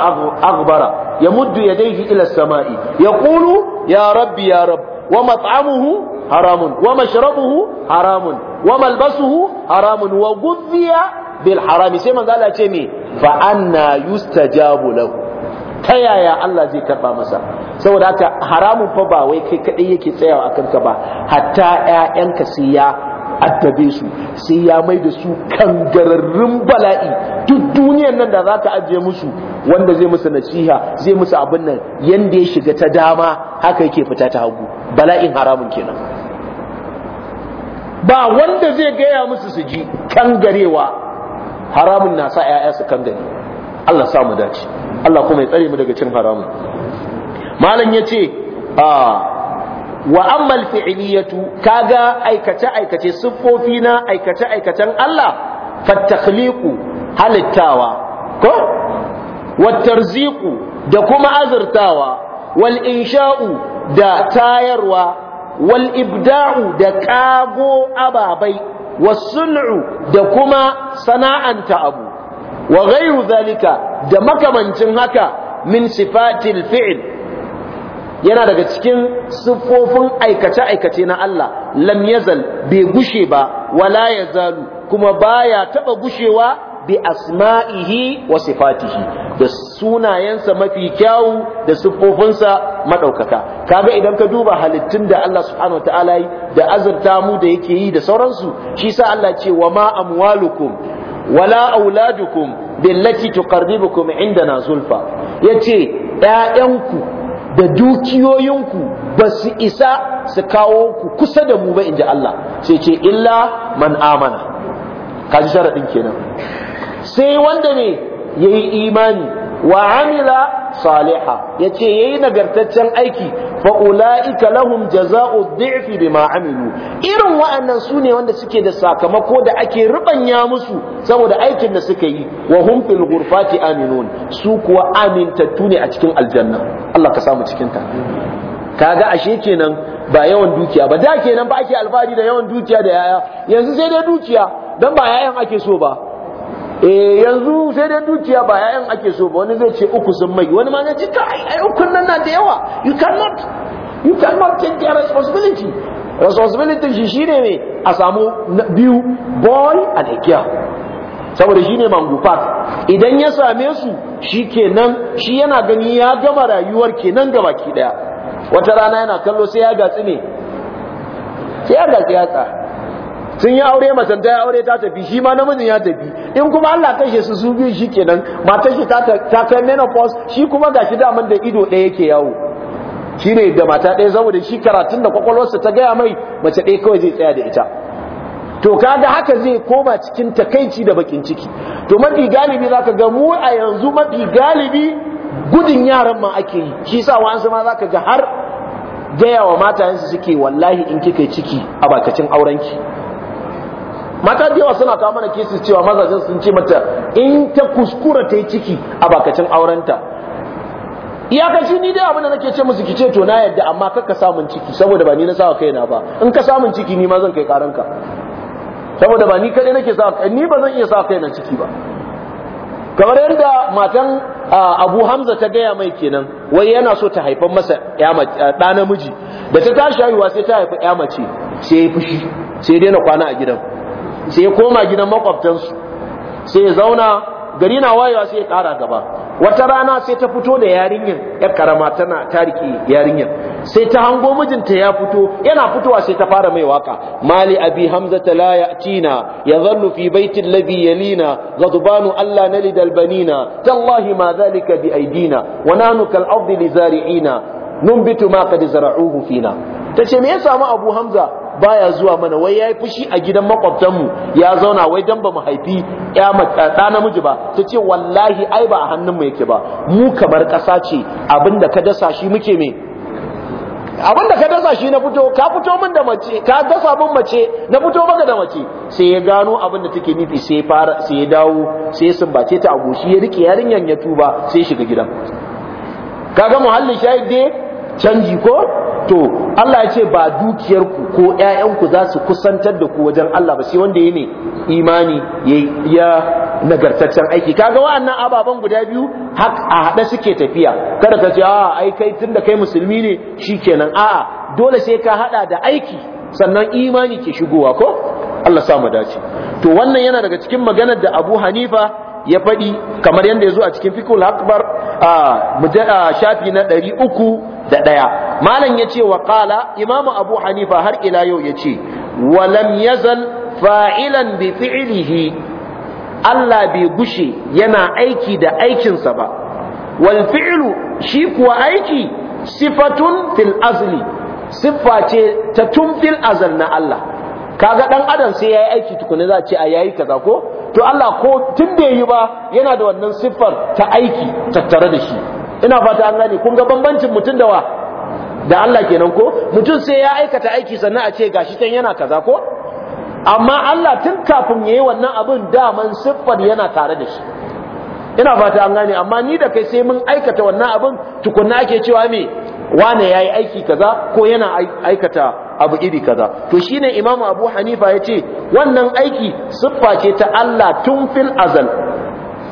[SPEAKER 1] aghbara yamuddu yadayhi ila as-sama'i yaqulu ya rabbi ya rabb wa mat'amuhu haramun wa mashrabuhu haramun wa malbasuhu haramun wa ghudhiya bil harami sai manzo Allah ce me fa anna yustajabu lahu ta yaya Allah zai karɓa masa saboda haka haramun fa ba wai kai kadai yake tsayawa akan ka ba hatta ƴaƴanka sai ya addabe su sai ya mai da su kangararrun bala'i duk duniyar nan da za ka ajiye musu wanda zai musu nasiha zai musu abin nan yanda ya shiga ta dama haka yake fita ta hagu bala'in haramun kenan ba wanda zai gaya musu su ji kangarewa haramun na sa ƴaƴa su kangare Allah sa mu dace Allah kuma ya tsare mu daga cin haramun malam ce a ah, wa ammal ka kaga aikace aikace siffofi na aikace aikacen Allah fattakhliqu halittawa ko watarziqu da kuma azurtawa wal insha'u da tayarwa wal ibda'u da kago ababai wasun'u da kuma sana'anta abu wa ghayru zalika da makamancin haka min sifatil fi'l yana daga cikin siffofin aikace-aikace na Allah lam yazal bai gushe ba wala ya yazalu kuma baya taba gushewa bi asma'ihi wa sifatihi da sunayensa mafi kyawu da siffofinsa madaukaka kaga idan ka duba halittun da Allah subhanahu wataala da azurta mu da yake yi da sauransu shi sa Allah ce wa ma amwalukum wala auladukum billati tuqarribukum indana zulfa yace 'ya'yanku. da dukiyoyinku ba su isa su kawo ku kusa da mu ba in ji Allah sai ce illa man amana kaji sharaɗin kenan sai wanda ne ya yi imani wa amila saliha yace yayi nagartaccen aiki fa ulaika lahum jazaa'u dhi'fi bima amilu irin wa'annan sune wanda suke da sakamako da ake rubanya musu saboda aikin da suka yi wa hum fil aminun su kuwa amintattu ne a cikin aljanna Allah ka samu cikin ta kaga ashe kenan ba yawan dukiya ba da kenan ba ake alfahari da yawan dukiya da yaya yanzu sai dai dukiya dan ba yayan ake so ba eh yanzu sai dai dukiya ba yayan ake so ba wani zai ce uku sun mai wani ma zai ce kai ai uku nan na da yawa you cannot you cannot take their responsibility responsibility shi shine ne a samu biyu boy and a girl saboda shi mangu mangufa idan ya same su shi kenan shi yana gani ya gama rayuwar kenan gaba ki daya wata rana yana kallo sai ya gatsi ne sai ya gatsi ya tsaya sun yi aure macen ta aure ta tafi shi ma namijin ya tafi in kuma Allah kashe su su biyu shi kenan matar shi ta kai menopause shi kuma gashi daman da ido ɗaya yake yawo shi ne da mata ɗaya saboda shi karatun da kwakwalwarsa ta gaya mai mace ɗaya kawai zai tsaya da ita to kaga haka zai koma cikin takaici da bakin ciki to mafi galibi zaka ga mu a yanzu mafi galibi gudun yaran ma ake yi shi sa wa'ansu ma zaka ga har gaya wa matayensu suke wallahi in kika ciki a bakacin aurenki mata da yawa suna kawo mana kesi cewa mazajen sun ce mata in ta kuskura ta yi ciki a bakacin aurenta iyakaci ni dai abin da nake ce musu ki ce to na yadda amma kar ka samun ciki saboda ba ni na sawa kaina ba in ka samun ciki ni ma zan kai karanka saboda ba ni kadai nake sa ni ba zan iya sa kaina ciki ba kamar yadda matan abu hamza ta gaya mai kenan wai yana so ta haifan masa ɗa namiji da ta tashi haihuwa sai ta haifi ya mace sai ya fushi sai daina kwana a gidan sai ya koma gidan makwabtansu sai ya zauna gari na wayewa sai ya kara gaba wata rana sai ta fito da yarinyar yar karama tana ta riƙe yarinyar sai ta hango mijinta ya fito yana fitowa sai ta fara mai waka mali abi hamzata la yatina yadhallu fi baiti alladhi yalina ghadbanu alla nalid albanina tallahi ma dhalika bi aidina wa nanu kal ardi li zari'ina numbitu ma qad zara'uhu fina tace me ya samu abu hamza baya zuwa mana wai yayi fushi a gidan makwabtan mu. ya zauna wai dan bamu haifi ya ɗa namiji ba ta ce wallahi ai ba a hannun mu yake ba mu kamar ƙasa ce abinda ka dasa shi muke me abinda ka dasa shi na fito ka fito min da mace ka dasa min mace na fito maka da mace sai ya gano abinda take nufi sai fara sai ya dawo sai ya sumbace ta a goshi ya rike yarinyan ya tuba sai shiga gidan kaga muhallin shayid dai canji ko to Allah ya ce ba dukiyarku ko ƴaƴanku za su kusantar da ku wajen Allah ba sai wanda ya imani ya nagartaccen aiki kaga wa'annan ababan guda biyu hak a haɗe suke tafiya kada ka ce a ai kai tunda kai musulmi ne shikenan a'a dole sai ka haɗa da aiki sannan imani ke shigowa ko Allah sa mu dace to wannan yana daga cikin maganar da Abu Hanifa ya faɗi kamar yadda ya zo a cikin fikul akbar a shafi na ɗari uku da ɗaya malam ya ce wa ƙala imamu abu hanifa har ila yau ya ce walam yazal fa'ilan bi fi'ilihi Allah bai gushe yana aiki da aikinsa ba wal fi'ilu shi kuwa aiki sifatun fil azli siffa ce ta tun fil azal na Allah kaga dan adam sai yayi aiki tukuna za a ce a yayi kaza ko to Allah ko tun da yi ba yana da wannan siffar ta aiki tattare da shi ina fata an gane kun ga bambancin mutum da wa da Allah kenan ko mutum sai ya aikata aiki sannan a ce gashi tan yana kaza ko amma Allah tun kafin yayi wannan abin daman siffar yana tare da shi ina fata an gane amma ni da kai sai mun aikata wannan abin tukunna ake cewa me wane yayi aiki kaza ko yana aikata abu iri kaza to shine imam abu hanifa ya ce wannan aiki siffa ce ta Allah tun fil azal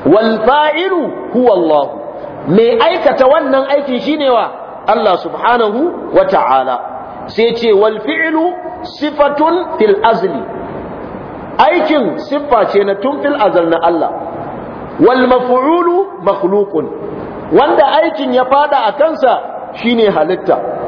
[SPEAKER 1] wal fa'ilu huwa Allah mai aikata wannan aikin shine wa Allah subhanahu wa ta'ala sai ce wal fi'lu sifatun fil azli aikin siffa ce na tun fil azal na Allah wal maf'ulu makhluqun wanda aikin ya fada a kansa shine halitta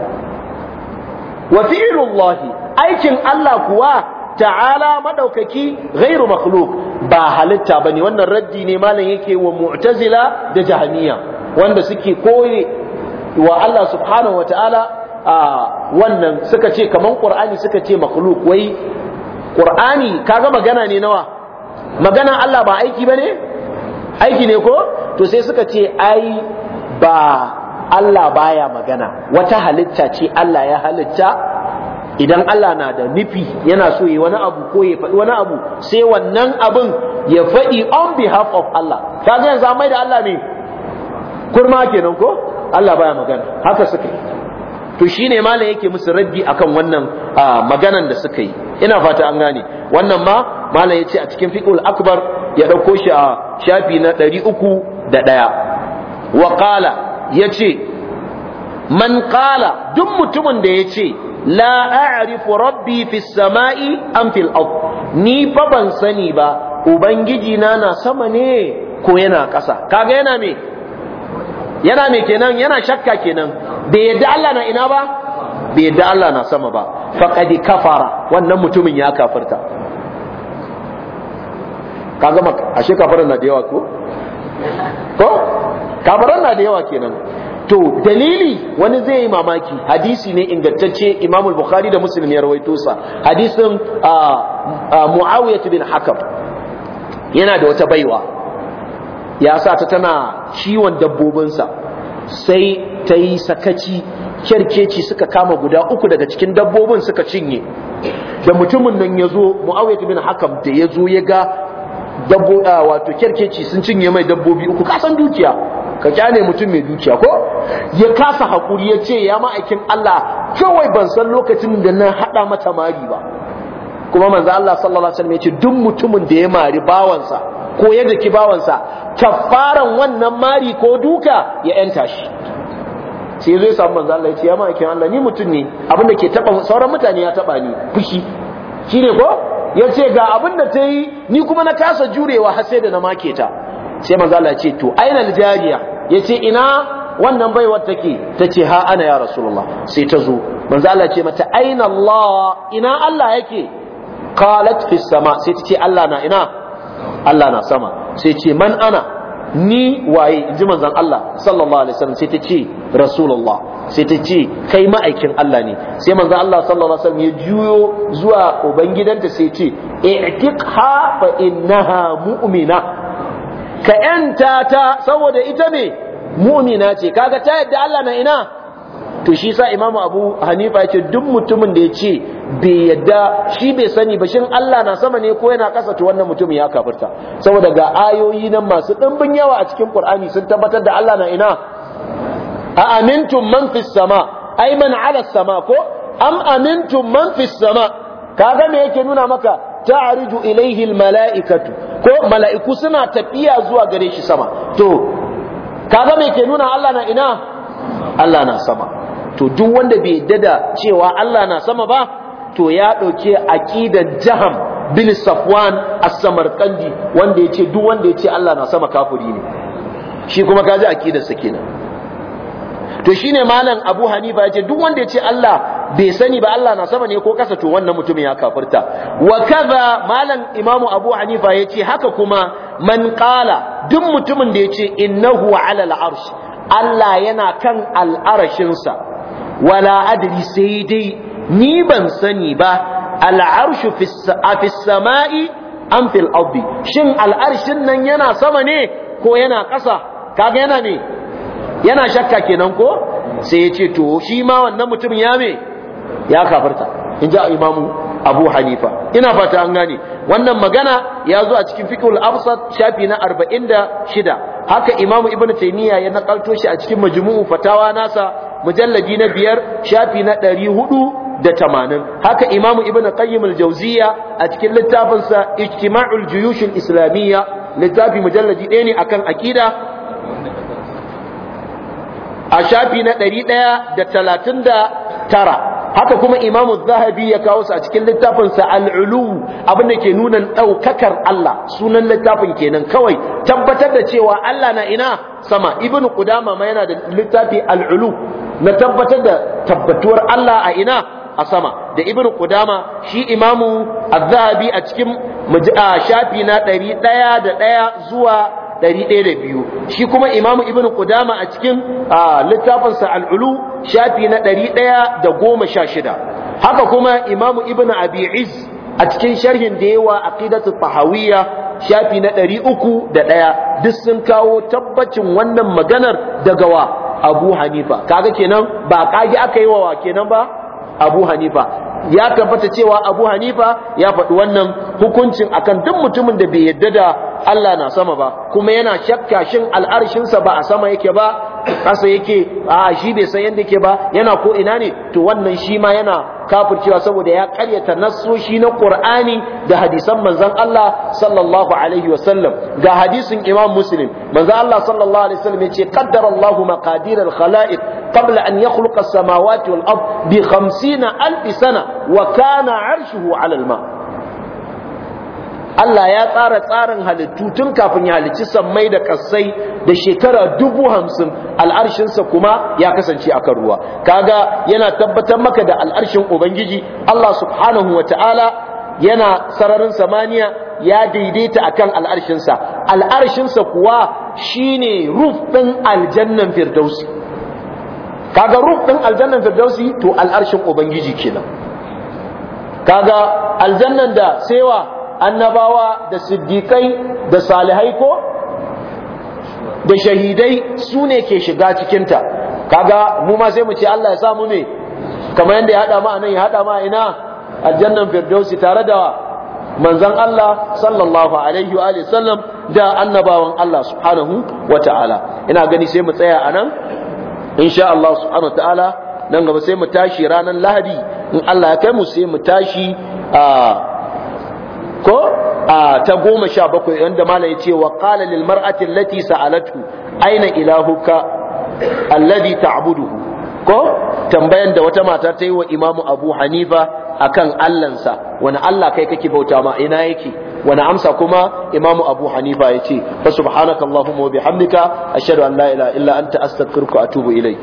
[SPEAKER 1] wa fi'lullahi aikin Allah kuwa ta'ala madaukaki ghairu makhluq ba halitta bane wannan raddi ne malam yake wa mu'tazila da jahaniya wanda suke koye wa Allah subhanahu wataala a wannan suka ce kaman qur'ani suka ce makhluq wai qur'ani kaga magana ne nawa magana Allah ba aiki bane aiki ne ko to sai suka ce ai ba Allah baya magana wata halitta ce Allah ya halitta idan Allah na da nufi yana so yi wani abu ko ya faɗi wani abu sai wannan abin ya faɗi on behalf of Allah kaga yanzu mai da Allah ne kurma kenan ko Allah baya magana haka suka yi to shine malam yake musu raddi akan wannan maganan da suka yi ina fata an gane wannan ma malam ce a cikin fiqhul akbar ya ɗauko shi a shafi na 301 wa qala ya ce man ƙala duk mutumin da ya ce la a'rifu rabbi fi sama'i an fil ni fa ban sani ba ubangiji na na sama ne ko yana ƙasa kaga yana me yana me kenan yana shakka kenan bai yadda Allah na ina ba bai yadda Allah na sama ba faqad kafara wannan mutumin ya kafirta kaga ashe kafaran na da yawa ko ko kabaran na da yawa kenan to dalili wani zai yi mamaki hadisi ne ingantacce Imam Bukhari da Muslim ya rawaito sa hadisin Muawiyah bin Hakam yana da wata baiwa ya sa ta tana ciwon dabbobinsa sai ta yi sakaci kyarkeci suka kama guda uku daga cikin dabbobin suka cinye da mutumin nan ya zo Muawiyah bin Hakam da ya zo ya ga wato kyarkeci sun cinye mai dabbobi uku kasan dukiya ka kyale mutum mai dukiya ko ya kasa hakuri ya ce ya ma'aikin Allah kawai ban san lokacin da na hada mata mari ba kuma manzo Allah sallallahu alaihi wasallam ya ce duk mutumin da ya mari bawansa ko ya daki bawansa kafaran wannan mari ko duka ya yanta shi sai zai samu manzo Allah ya ce ya ma'aikin Allah ni mutum ne abin da ke taba sauran mutane ya taba ni fushi shine ko ya ce ga abin da ta yi ni kuma na kasa jurewa har sai da na make ta sai manzo Allah ce to aina aljariya yace ina wannan baiwar take tace ha ana ya rasulullah sai ta zo manzo Allah ce mata aina Allah ina Allah yake qalat fi sama sai ta ce Allah na ina Allah na sama sai ce man ana ni waye inji manzon Allah sallallahu alaihi wasallam sai ta ce rasulullah sai ta ce kai ma'aikin Allah ne sai manzon Allah sallallahu alaihi wasallam ya juyo zuwa ubangidanta sai ce i'tiqha fa innaha mu'mina ka ‘yanta ta saboda ita ne, mumina ce kaga ta yadda Allah na ina to shi sa imamu abu hanifa ya ce duk mutumin da ya ce bai yadda shi bai sani ba shin Allah na sama ne ko yana kasa to wannan mutum ya kafirta saboda ga ayoyi nan masu ɗimbin yawa a cikin Qur'ani sun tabbatar da Allah na ina a amintum man fis sama ai man ala sama ko am amintum man fis sama kaga me yake nuna maka tariju ilaihi al mala'ikatu ko mala'iku suna tafiya zuwa gare shi sama to kaga me ke nuna Allah na ina Allah na sama to duk wanda bai dada cewa Allah na sama ba to ya ɗauke aƙidar jaham bin safwan as-samarkandi wanda yace ce duk wanda ya ce Allah na sama kafiri ne shi kuma kaji sa kenan to shine malam Abu Hanifa ya duk wanda yace Allah bai sani ba Allah na sama ne ko kasa to wannan mutumin ya kafirta wa kaza malam imamu abu hanifa yace haka kuma man qala duk mutumin da yace innahu ala al-arsh Allah yana kan al'arashinsa wala adri sai dai ni ban sani ba al'arshu fi sama'i an fil ardi shin al'arshin nan yana sama ne ko yana ƙasa kaga yana ne yana shakka kenan ko sai ya ce to shi ma wannan mutum ya me ya kafarta in ji imamu abu hanifa ina fata an gane wannan magana ya zo a cikin fiqhul absat shafi na arba'in da shida haka imamu ibnu taymiya ya nakalto shi a cikin majmu'u fatawa nasa mujalladi na biyar shafi na tamanin haka imamu ibnu qayyim al-jawziya a cikin littafinsa ijtima'ul juyush al-islamiyya littafi mujalladi ɗaya ne akan aqida a shafi na ɗari ɗaya da da talatin tara. haka kuma Imam zahabi ya kawo su a cikin littafinsa al'ulu abin da ke nuna ɗaukakar Allah sunan littafin kenan kawai tabbatar da cewa Allah na ina sama ibn Kudama ma yana da littafi al'ulu na tabbatar da tabbatuwar Allah a ina a sama da ibn Kudama shi imamu zahabi a cikin shafi na ɗari ɗaya da ɗaya zuwa 102 shi kuma imamu Ibn qudama a cikin littafinsa al'ulu shafi na 116 haka kuma imamu Ibn abi iz a cikin sharhin da yawa aqidatu tahawiyya shafi na 301 duk sun kawo tabbacin wannan maganar daga wa abu hanifa kaga kenan ba kage aka yi wa kenan ba abu hanifa ya tabbata cewa abu hanifa ya faɗi wannan hukuncin akan duk mutumin da bai yadda da Allah na sama ba kuma yana shakka shin al'arshinsa ba a sama yake ba ƙasa yake a shi bai san yadda yake ba yana ko ina ne to wannan shi ma yana kafircewa saboda ya karyata nassoshi na Qur'ani da hadisan manzon Allah sallallahu alaihi wasallam ga hadisin Imam Muslim manzon Allah sallallahu alaihi wasallam yace qaddara Allahu maqadir al-khalaiq qabla an yakhluqa as-samawati wal-ard bi 50 alf sana wa kana 'arshuhu Allah ya tsara tsarin halittu tun kafin ya halicci sammai da kassai da shekara dubu hamsin al'arshinsa kuma ya kasance a kan ruwa kaga yana tabbatar maka da al'arshin ubangiji Allah subhanahu wa ta'ala yana sararin samaniya ya daidaita akan al'arshinsa al'arshinsa kuwa shine ruf ɗin aljannan firdausi kaga rufin aljannan firdausi to al'arshin ubangiji kenan kaga aljannan da sewa annabawa da siddiƙai da salihai ko da shahidai su ne ke shiga cikinta kaga mu ma sai mu ce Allah ya sa mu ne kamar yadda ya haɗa ma nan ya haɗa ma ina aljannan firdausi tare da manzon Allah sallallahu alaihi wa sallam da annabawan Allah subhanahu wa ta'ala ina gani sai mu tsaya anan insha Allah subhanahu wa ta'ala nan gaba sai mu tashi ranar Lahadi in Allah ya kai mu sai mu tashi a ah, ko a ta goma sha bakwai wanda malam ya ce wa qala lil mar'ati allati sa'alatu aina ilahuka alladhi ta'buduhu ko tambayan da wata mata ta yi wa imamu abu hanifa akan allansa wani allah kai kake bauta ma ina yake wani amsa kuma imamu abu hanifa ya ce fa subhanakallahumma wa bihamdika ashhadu an la ilaha illa anta astaghfiruka wa atubu ilai.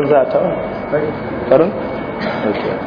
[SPEAKER 1] canza ta karin